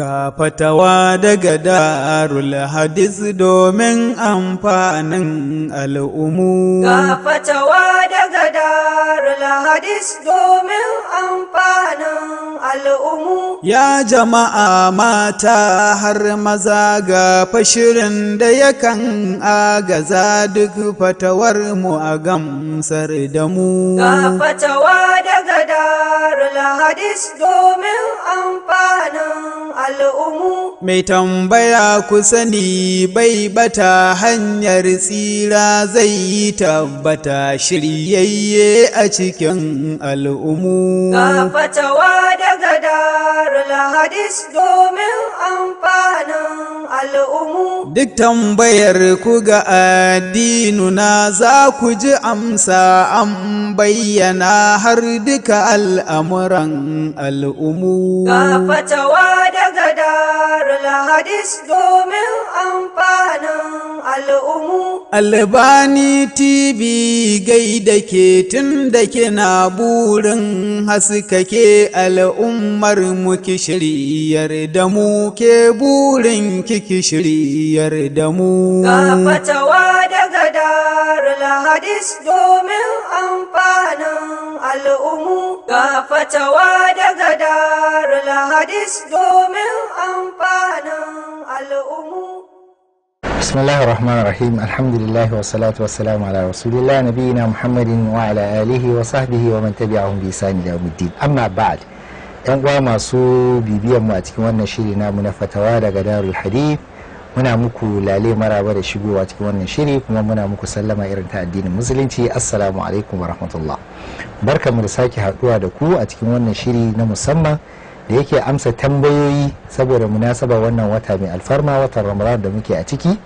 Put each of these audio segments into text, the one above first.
Ga fatawa daga darul hadis domin amfanin al'umu. Ga fatawa daga darul domin al'umu. Ya jama'a mata har maza ga fashirin da yakan agaza duk fatawar mu a gamsar da mu. Ga fatawa daga Darul Hadis domin amfanin al'umu. Mai tambaya ku sani bai bata hanyar tsira zai yi tabbata shiryayye a cikin al'umu. Ga fatawa daga dar lahadis domin amfanin al'umu. Duk tambayar ku ga addinuna za ku ji amsa an bayyana har duka al'amuran al'umu. Ga fatawa daga dar lahadis domin amfanin al'umu albani tv gaida ke tun da na burin haskake al'ummar mu ki da mu ke burin kiki shiriyar da mu gafatawa daga dar lahadis domin amfanin al'umu gafatawa daga dar lahadis domin amfanin al'umu بسم الله الرحمن الرحيم الحمد لله والصلاة والسلام على رسول الله نبينا محمد وعلى آله وصحبه ومن تبعهم بإحسان إلى يوم الدين أما بعد yan uwa masu bibiyan mu a cikin wannan shiri namu na fatawa daga darul hadith muna muku lale maraba da shigowa cikin wannan shiri kuma muna muku sallama irin ta addinin musulunci assalamu alaikum wa rahmatullah barkamu da sake haduwa da ku a cikin wannan shiri na musamman da yake amsa tambayoyi saboda munasaba wannan wata mai alfarma watan ramadan da muke a ciki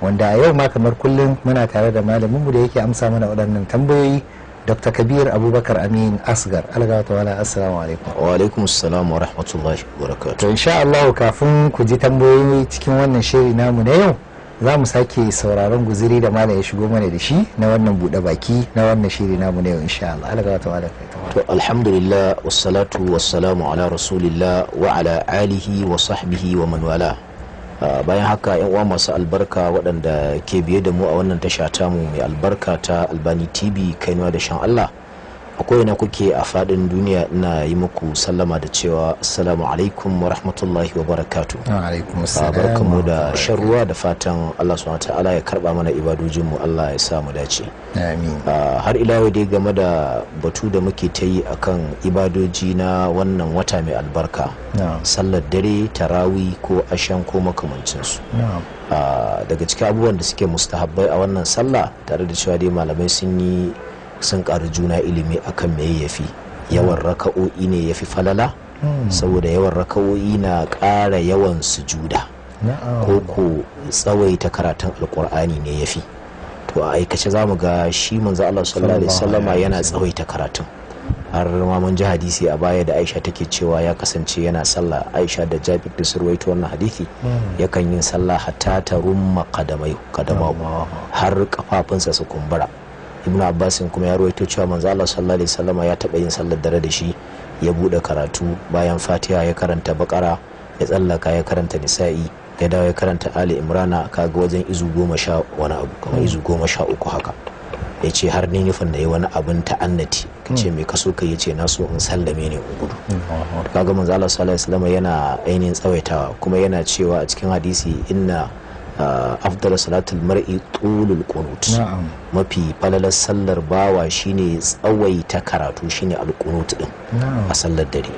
wanda a yau ma kamar kullum muna tare da malaminmu da yake amsa mana waɗannan tambayoyi dr kabir abubakar amin asgar algawata wala assalamu alaikum wa alaikum assalam wa rahmatullahi wa barakatuh to insha kafin ku ji tambayoyi cikin wannan shiri namu na yau za mu sake sauraron guziri da malam ya shigo mana da shi na wannan buɗe baki na wannan shiri namu na yau insha Allah Allah ta wada to alhamdulillah wassalatu wassalamu ala rasulillah wa ala alihi wa sahbihi wa man wala ah, bayan haka yan uwa masu albarka waɗanda ke biye da mu a wannan tasha mu mai albarka ta Albani TV kainuwa da shan Allah akwai na kuke a fadin duniya ina yi muku sallama da cewa assalamu alaikum wa rahmatullahi wa barakatu ah, barkamu da sharuwa da fatan allah subhanahu ta'ala ya karba mana ibadojin mu allah ya sa dace ah, har ila yau dai game da batu da muke ta yi akan ibadoji na wannan wata mai albarka sallar dare tarawi ko Ashen ko makamancinsu ah, daga cikin abubuwan da suke mustahabbai a wannan sallah tare da cewa dai malamai sun yi sun ƙari juna ilimi akan me ya fi yawan raka'o'i ne ya fi falala hmm. saboda yawan raka'o'i na ƙara yawan sujuda ko ko tsawaita karatun alkur'ani ne ya fi to a aikace za mu ga shi manzo Allah sallallahu alaihi wasallama yana tsawaita karatun har ma mun ji hadisi a baya da Aisha take cewa ya kasance yana sallah Aisha da Jabir da surwaito wannan hadisi hmm. yakan yin sallah hatta ta rumma har kafafunsa su kumbura ibn abbasin kuma ya rawaito cewa manzo Allah sallallahu alaihi wasallama ya taba yin sallar dare da shi ya bude karatu bayan fatiha ya karanta bakara ya tsallaka ya karanta nisa'i ya dawo ya karanta ali imrana kaga wajen izu goma sha wani abu kamar izu goma sha uku haka ya ce har ni nufin da ya wani abin ta'annati ka ce mai kaso ka ya ce na so in sallame ne in gudu kaga manzo Allah sallallahu alaihi wasallama yana ainihin tsawaitawa kuma yana cewa a cikin hadisi inna afdala salatul mar'i tulul qunut mafi falalar sallar bawa shine tsawaita karatu shine alqunut din a sallar dare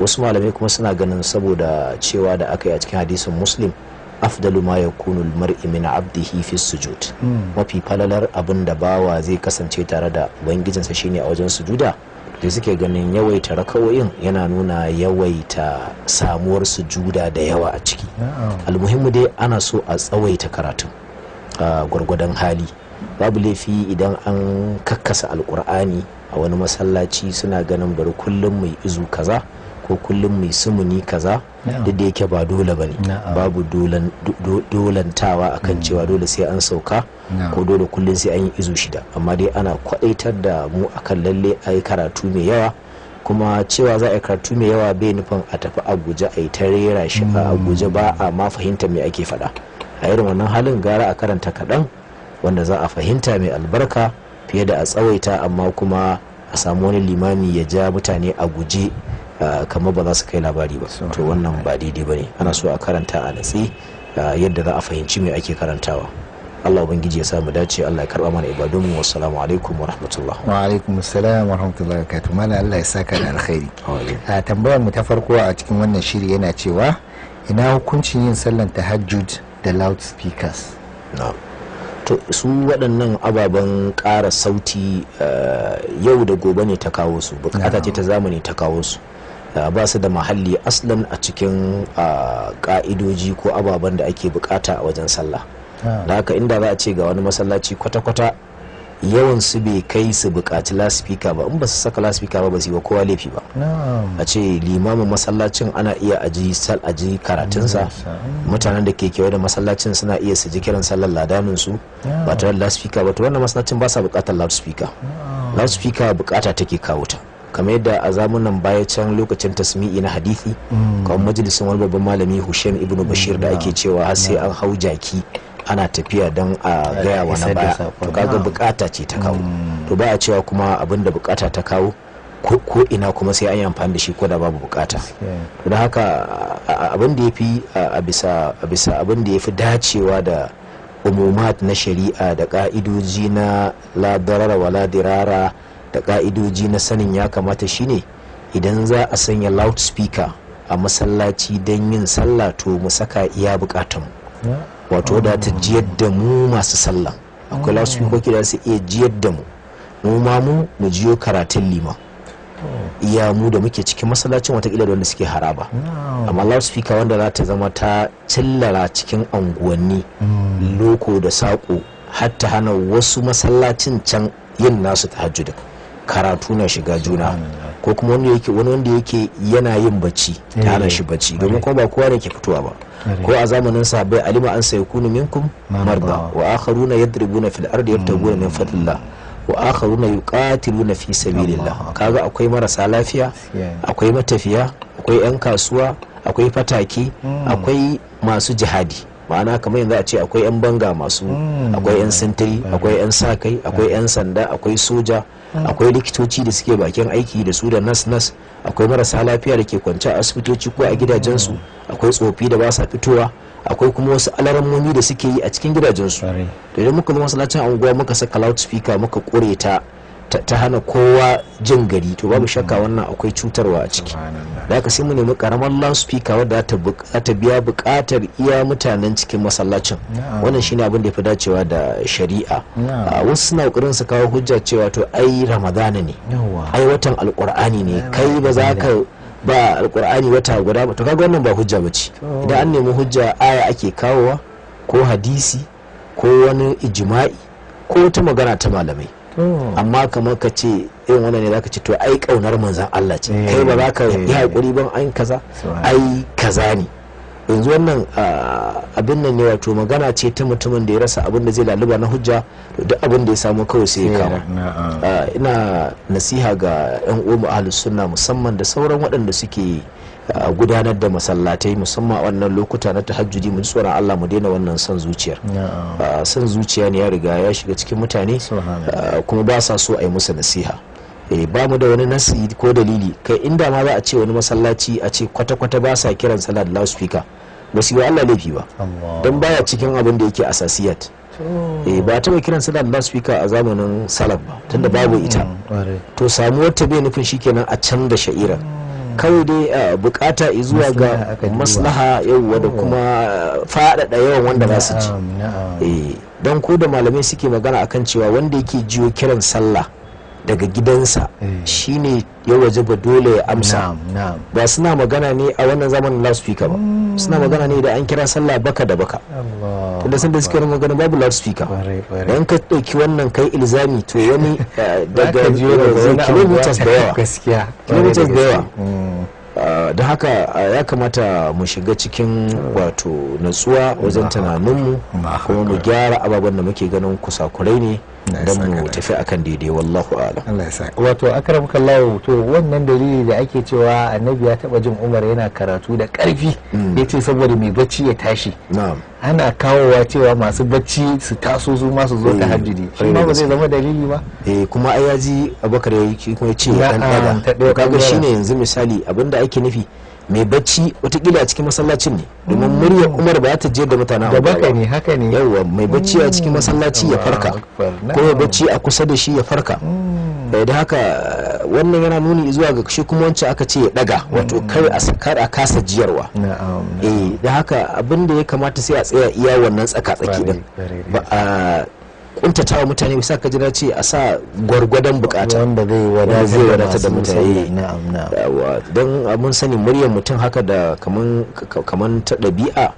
wasu malamai kuma suna ganin saboda cewa da aka yi a cikin hadisin muslim afdalu ma yakunu almar'i min 'abdihi fi sujud mafi falalar abin da bawa zai kasance tare da ubangijinsa shine a wajen sujuda da suke ganin yawaita rakawoyin yana nuna yawaita samuwar sujuda da yawa a ciki almuhimmu dai ana so a tsawaita karatun gwargwadon hali babu laifi idan an kakkasa alkur'ani a wani masallaci suna ganin bari kullum mai izu kaza ko kullum mai sumuni kaza duk da yake ba dole ba ne babu dolantawa akan mm. cewa dole sai an sauka ko dole kullum sai an yi izo shida amma dai ana kwadaitar da mu akan lalle a yi karatu mai yawa kuma cewa za a yi karatu mai yawa bai nufin a tafi abuja a yi ta rera shi a abuja ba mm. a ma fahimta mai ake faɗa a irin wannan halin gara a karanta kaɗan wanda za a fahimta mai albarka fiye da a tsawaita amma kuma a samu wani limani ya ja mutane a guje kamar ba za su kai labari ba to wannan ba daidai ba ne ana so a karanta a natsi yadda za a fahimci me ake karantawa Allah ubangiji ya samu dace Allah ya karba mana mu assalamu alaikum wa rahmatullah wa alaikum assalam wa rahmatullah wa barakatuh mana Allah ya saka da alkhairi a tambayar mu ta farko a cikin wannan shiri yana cewa ina hukuncin yin sallan tahajjud da loudspeakers na'am to su waɗannan ababen ƙara sauti yau da gobe ne ta kawo su bukata ce ta zamani ta kawo su Ah, ba su da mahalli aslan a cikin ah, ka'idoji ko ababen da ake bukata a wajen sallah ah. da haka inda za a ce ga wani masallaci kwata-kwata yawan su bai kai su bukaci laspika ba in ba su saka laspika ba ba su yi wa kowa laifi ba a ce limamin masallacin ana iya aji sal aji karatunsa mutanen da ke kewaye da masallacin suna iya su ji kiran sallar ladanin su ba tare da laspika ba to wannan masallacin ba sa bukatar laspika laspika bukata take kawo ta kamar yadda a zamunan baya can lokacin tasmi'i na hadithi mm. kamar majalisin wani babban malami hussein ibnu bashir da ake cewa har sai an hau jaki ana tafiya don a gaya wa na baya to kaga bukata ce ta kawo mm. to ba a cewa kuma abin da bukata ta kawo ko ina kuma sai an yi amfani da shi ko da babu bukata to da haka abin da ya fi a bisa abin da ya fi dacewa da umumat na shari'a da ka'idoji na la darara wa la dirara da ka'idoji na sanin ya kamata shine idan za a sanya loudspeaker a masallaci don yin sallah to mu saka iya bukatan wato da ta jiyar da mu masu sallah akwai loudspeaker da su iya jiyar da mu mu ma mu mu jiyo karatun liman iya mu da muke cikin masallacin watakila da wanda suke haraba amma loudspeaker wanda za ta zama ta cillara cikin anguwanni mm. loko da saƙo hatta hana wasu masallacin can yin nasu tahajjudin karatu na shiga juna ko kuma wani yake wani wanda yake yana yin bacci eh. ta shi bacci domin kuma ba kowa ne ke fitowa ba ko a zamanin sahabbai alima an kunu minkum marda wa akharuna yadribuna fil ardi yabtaguna min fadlillah wa akharuna yuqatiluna fi sabilillah kaga akwai marasa lafiya akwai matafiya akwai yan kasuwa akwai fataki hmm. akwai masu jihadi ma'ana kamar yanzu a ce akwai 'yan banga masu hmm. akwai 'yan sintiri akwai 'yan sakai akwai 'yan sanda akwai soja akwai likitoci da suke bakin aiki da su da nas nas akwai marasa lafiya da ke kwance a asibitoci ko a gidajensu akwai tsofi da ba sa fitowa akwai kuma wasu alaramomi da suke yi a cikin gidajensu da idan muka zo masallacin unguwa muka saka loudspeaker muka kure ta ta hana kowa jin gari to babu shakka wannan akwai cutarwa a ciki da ka sai mu nemi karamar loudspeaker wadda ta biya bukatar iya mutanen cikin masallacin wannan shine abin da ya fi dacewa da shari'a wasu suna kokarin su kawo hujja cewa to ai ramadana ne ai watan alkur'ani ne kai ba za ka ba alkur'ani wata guda ba to kaga wannan ba hujja bace idan an nemi hujja aya ake kawowa ko hadisi ko wani ijma'i ko ta magana ta malamai amma kamar ka ce irin wannan ne zaka ce to ai kaunar manzan Allah ce eh. kai ba za ka eh. yi hakuri ban an kaza ai kaza ne yanzu wannan ah, abin nan ne wato magana ce ta mutumin da ya rasa abin da zai laluba na hujja to duk abin da ya samu kawai sai ya kama uh. ah, ina nasiha ga yan uwa ahlus sunna musamman da sauran waɗanda suke gudanar da masallatai musamman a wannan lokuta na tahajjudi mu tsoron Allah mu daina wannan son zuciyar son zuciya ne ya riga ya shiga cikin mutane kuma ba sa so a yi musu nasiha eh, ba mu da wani nasi ko dalili kai inda ma za a ce wani masallaci a ce kwata-kwata ba sa kiran salat loudspeaker ba su yi Allah laifi ba don baya cikin abin da yake asasiyat eh ba taɓa kiran salat loudspeaker a zamanin salaf ba tunda babu ita mm, mm, to samu wata bai nufin shikenan a canza sha'irar mm. kawai dai bukata zuwa ga maslaha yauwa da kuma faɗaɗa yawan wanda za su ci eh, don ko da malamai suke magana akan cewa wanda yake jiyo kiran sallah daga gidansa eh. shine ya wajaba dole ya amsa ba suna magana ne a wannan zamanin loudspeaker ba mm. suna magana ne da an kira sallah baka da baka tunda sun da suke yin magana babu loudspeaker don ka ɗauki wannan kai ilzami to wani eh, daga kilomitas da yawa kilomitas da yawa mm. ah, da haka ah, ya kamata mu shiga cikin wato natsuwa wajen tunaninmu kuma mu gyara ababen da muke ganin kusakurai ne don mu tafi akan daidai wallahu ala Allah ya saka wato akramaka to wannan dalili da ake cewa annabi ya taba jin Umar yana karatu da karfi mm. yace saboda mai bacci ya tashi ana kawowa cewa masu bacci su taso su ma su zo eh, ta hajjidi shi ma ba zai zama dalili ba eh kuma ai yaji Abubakar ya dan ah, kaga shine yanzu misali abinda ake nufi mai bacci watakila a cikin masallacin ne domin murya mm. umar ba ta je da mutanen da baka ne haka ne yawa mai bacci a cikin mm. masallaci ya farka ko ya bacci a kusa da shi ya farka mm. eh, da haka wannan yana nuni zuwa ga shi kuma wancan aka ce ya daga wato kai a sakar a kasa jiyarwa eh da haka abin da ya kamata sai a tsaya iya wannan tsaka tsaki din kuntata wa mutane bisa ka jira ce a sa gwargwadon bukata wanda zai wadata da mutane don mun sani muryar mutum haka da kaman ta ɗabi'a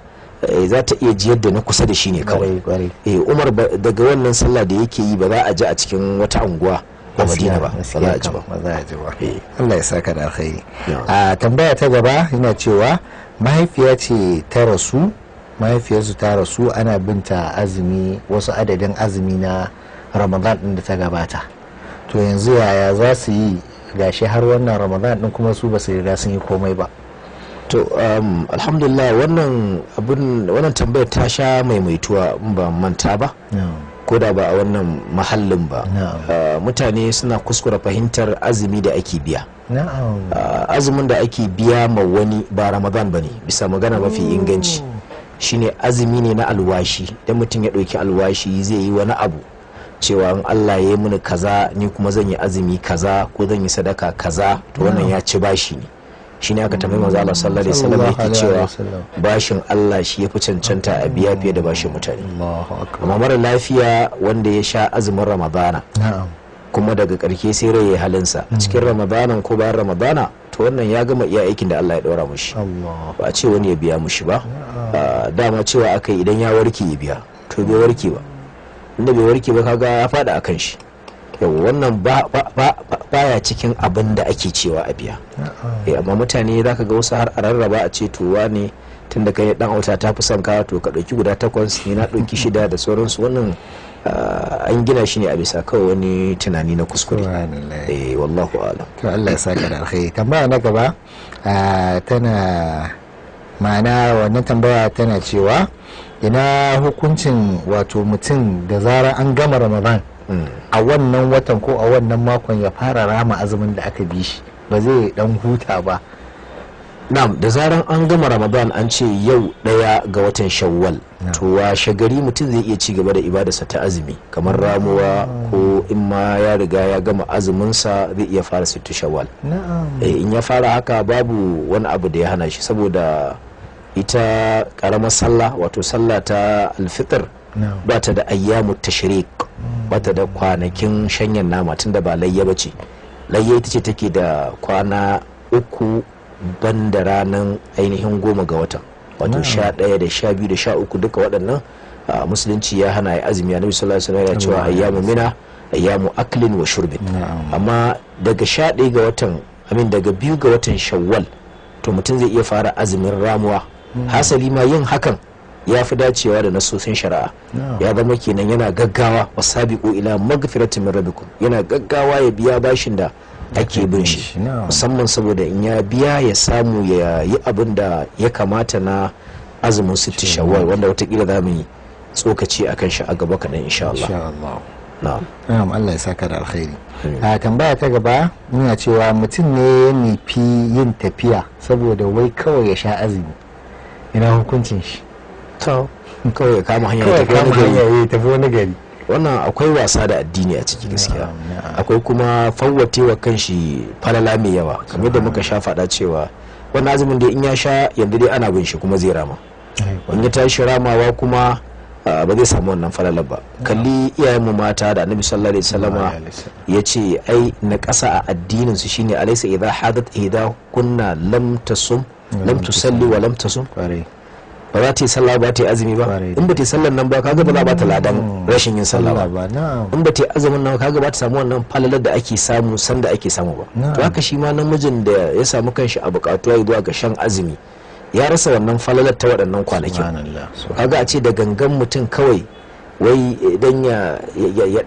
eh, za ta iya jiyar da na kusa da shi ne kawai eh, umar daga wannan sallah da yake yi ba za a ji a cikin wata unguwa a madina ba ya ji ba eh. Allah ya saka da alkhairi a ah, tambaya ta gaba yana cewa mahaifiya ce ta rasu mahaifiyarsu ta rasu ana binta azumi wasu adadin azumi na ramadan din da ta gabata to yanzu yaya za su yi gashi har wannan ramadan din kuma su ba su riga sun yi komai ba to um, alhamdulillah wannan abin wannan tambayar ta sha maimaituwa ba manta ba ko da ba a wannan mahallin ba uh, mutane suna kuskura fahimtar azumi da ake biya uh, azumin da ake biya ma wani ba ramadan ba ne bisa magana mafi inganci oh. shine azumi ne na alwashi da mutum ya ɗauki alwashi zai yi wani abu cewa in Allah ya yi mini kaza ni kuma zan yi azumi kaza ko zan yi sadaka kaza to wannan ya ci bashi ne shi ne aka tambayi manzo Allah sallallahu alaihi wasallam yake cewa bashin Allah shi ya fi cancanta a biya fiye da bashin mutane amma mara lafiya wanda ya sha azumin Ramadana kuma daga ƙarshe sai rai ya halinsa cikin hmm. ramadanan ko bayan ramadana to wannan ya gama iya aikin da Allah ya ɗora mushi ba a ce wani ya biya mushi ba ah, dama cewa aka yi idan ya warke ya biya to bai warke ba inda bai warke ba kaga ya a kan shi yau wannan baya cikin abin da ake cewa a biya eh, amma mutane za ka ga wasu har a rarraba a ce towa ne tun da kai dan auta ta fi son ka to ka ɗauki guda takwas ne na ɗauki shida da sauransu wannan Ah, an gina shi ne a bisa kawai wani tunani na kuskure eh wallahu alam to Allah ya saka da alkhairi tambaya na gaba ah, tana ma'ana wannan tambaya tana cewa ina hukuncin wato mutum da zara an gama ramadan hmm. a wannan watan ko a wannan makon ya fara rama azumin da aka bi shi ba zai dan huta ba na'am da zaran an gama ramadan an ce yau daya ga watan shawwal to washe gari mutum zai iya ci gaba da ibadarsa ta azumi kamar ramuwa ko in ma ya riga ya gama azuminsa zai iya fara sittu shawwal eh, in ya fara haka babu wani abu da ya hana shi saboda ita karamar sallah wato sallah ta alfitar ba ta da ayyamu tashrik mm. ba ta da kwanakin shanyan nama tunda ba layya ba ce layya ita ce take da kwana uku Ban da ranar ainihin goma ga watan wato sha ɗaya da sha biyu da sha uku duka waɗannan musulunci ya hana ya azumi annabi sallallahu alaihi wasallam ya cewa ayyamu mina ayyamu aklin wa shurbin amma daga sha ɗaya ga watan amin daga biyu ga watan shawwal to mutum zai iya fara azumin ramuwa hmm. hasali ma yin hakan ya fi dacewa da nasosin shari'a ya zama kenan yana gaggawa wasabiqu ila magfiratin min rabbikum yana gaggawa ya biya bashin da ake bin shi musamman saboda in ya biya ya samu ya yi abin da ya kamata na azumin sitti shawwal wanda watakila za mu yi tsokaci a kan shi a gaba kaɗan insha Allah. Na'am Allah ya saka da alkhairi. A tambaya ta gaba muna cewa mutum ne ya nufi yin tafiya saboda wai kawai ya sha azumi. Ina hukuncin shi. To, kawai ya kama hanyar tafiya wani gari. wannan akwai wasa da addini a ciki gaskiya akwai kuma fawwatewa kan shi falala mai yawa kamar da muka sha faɗa cewa wannan azumin da in ya sha yanzu dai ana bin shi kuma zai rama wani ya tashi ramawa kuma ba zai samu wannan falalar ba kalli iyayenmu mata da annabi sallallahu alaihi wasallama ya ce ai na ƙasa a addinin su shine alaysa idha hadat idha kunna lam tasum lam tusalli wa lam tasum ba za ta yi sallah ba ta yi azumi ba in ba ta yi sallan nan ba kaga ba za ba ta ladan mm. rashin yin sallah ba in ba ta yi azumin nan kaga ba ta samu wannan falalar da ake samu sanda ake samu ba to haka shi ma namijin da ya samu kanshi a bukatu ya zuwa ga shan azumi ya rasa wannan falalar ta waɗannan kwanakin kaga a ce da gangan mutum kawai wai idan ya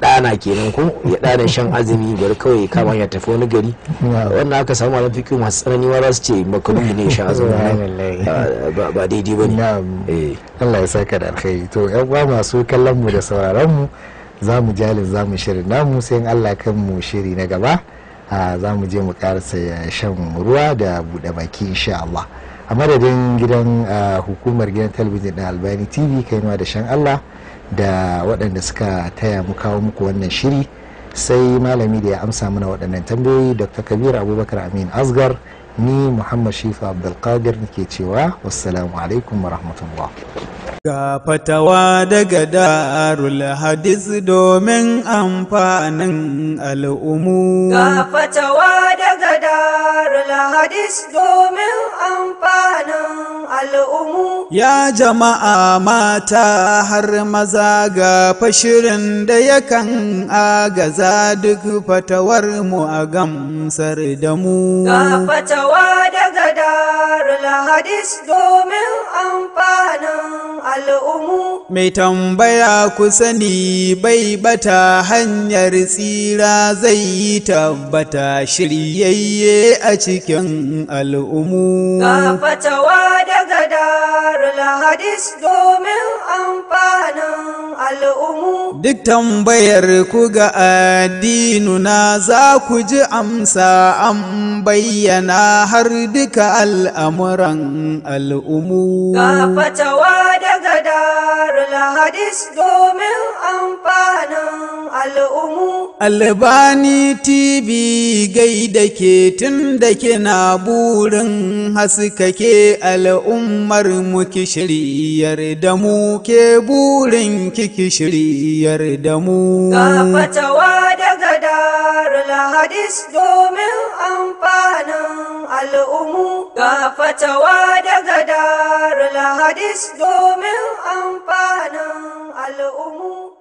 dana kenan ko ya dana shan azumi bari kawai kama ya tafi wani gari wannan aka samu malam fiqh masu tsanani ma za su ce makaruhi ne shan azumi ba daidai ba ne eh. Allah ya saka da alkhairi to yan uwa masu kallon mu da sauraron mu za mu jalin za mu shirin namu sai Allah kan mu shiri na gaba ah, za mu je mu karasa shan ruwa da buɗe baki insha Allah a madadin gidan ah, hukumar gidan talabijin na albani tv kai da shan Allah da waɗanda suka taya mu kawo muku wannan shiri sai malami da ya amsa mana waɗannan tambayoyi dr kabir abubakar amin asgar ni muhammad shifa abdulkadir ke cewa wassalamu alaikum wa rahmatullah Ga fatawa daga darul hadis domin amfanin al'umu. Ga fatawa daga darul hadis domin amfanin al'umu. Ya jama'a mata har maza ga fashirin da yakan agaza duk fatawar mu a gamsar da mu. Ga fatawa daga darul hadis domin amfanin Mai tambaya ku sani bai bata hanyar tsira zai yi tabbata shiryayye a cikin al'umu. Ga fata wada darul hadis domin amfanin al'umu. Duk tambayar ku ga na za ku ji amsa an bayyana har duka al'amuran al'umu. Ga fatawa daga darul hadis domin amfanin al'umu. Albani TV gaida ke tun da kina burin haskake al'umma. al'ummar muki shiryar da mu ke burin kiki shiryar da mu. Ga fatawa daga darul hadis domin amfanin al'umu. Ga fatawa daga darul hadis domin amfanin al'umu.